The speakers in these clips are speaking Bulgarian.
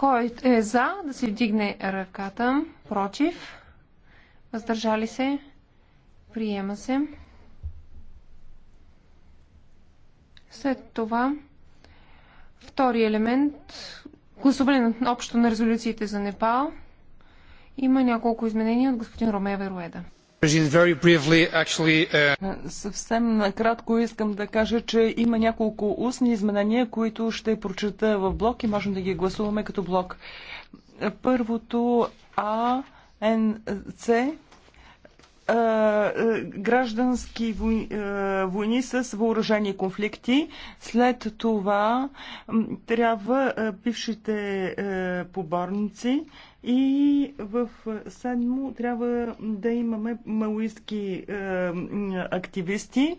Кой е за да си вдигне ръката? Против? Въздържали се? Приема се. След това втори елемент гласуване на общо на резолюциите за Непал. Има няколко изменения от господин Ромева Руеда. Uh, Съвсем накратко искам да кажа, че има няколко устни изменения, които ще прочета в блок и можем да ги гласуваме като блок. Първото А, Н, С, граждански войни с въоръжени конфликти. След това трябва бившите поборници и в седмо трябва да имаме малоистки активисти.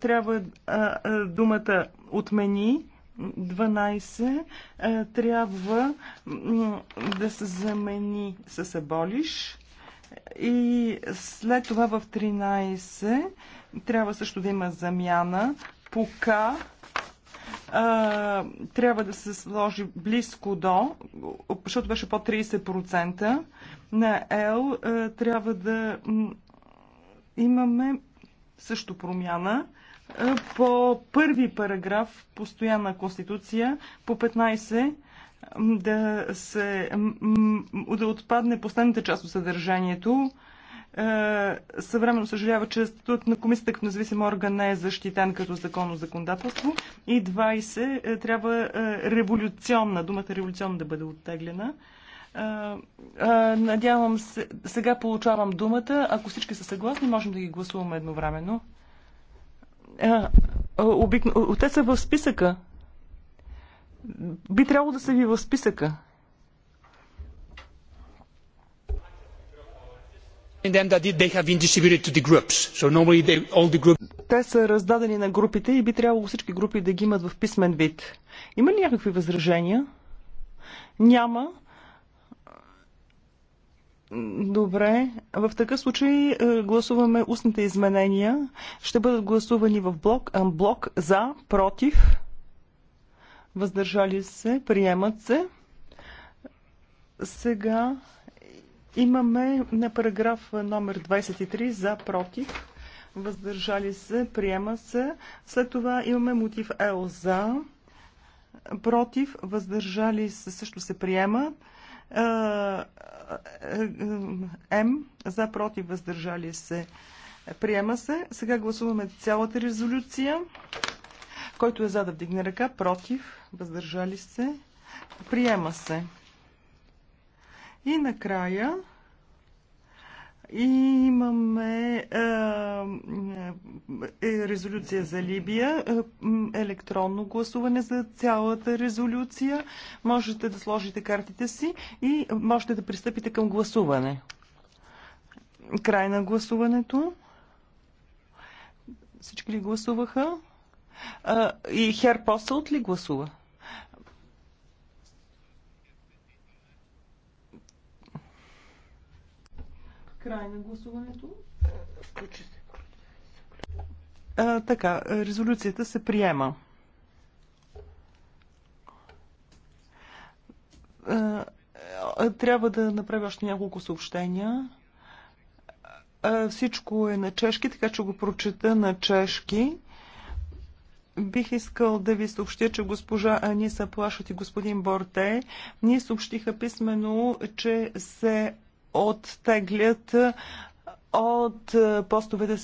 Трябва думата отмени 12 трябва да се замени с аболиш. И след това в 13 трябва също да има замяна. Пока а, трябва да се сложи близко до, защото беше по 30% на L, а, трябва да имаме също промяна а, по първи параграф, постоянна конституция, по 15 да се да отпадне последната част от съдържанието. Е, съвременно съжалява, че статут на комисията като независим орган не е защитен като законно законодателство. И 20 е, трябва е, революционна, думата революционна да бъде оттеглена. Надявам се, сега получавам думата. Ако всички са съгласни, можем да ги гласуваме едновременно. Те са в списъка. Би трябвало да са ви в списъка. Те са раздадени на групите и би трябвало всички групи да ги имат в писмен вид. Има ли някакви възражения? Няма. Добре. В такъв случай е, гласуваме устните изменения. Ще бъдат гласувани в блок, блок за, против въздържали се, приемат се. Сега имаме на параграф номер 23 за против, въздържали се, приема се. След това имаме мотив Ел за, против, въздържали се, също се приема. Е, е, е, м за, против, въздържали се, приема се. Сега гласуваме цялата резолюция. Който е за да вдигне ръка, против, въздържали се, приема се. И накрая имаме е, е, резолюция за Либия, е, електронно гласуване за цялата резолюция. Можете да сложите картите си и можете да пристъпите към гласуване. Край на гласуването. Всички ли гласуваха? И Хер Посълт ли гласува? Край на гласуването. Включи се. А, така, резолюцията се приема. А, трябва да направя още няколко съобщения. А, всичко е на чешки, така че го прочета на чешки. Бих искал да ви съобщя, че госпожа Аниса Плашът и господин Борте ни съобщиха писменно, че се оттеглят от постовете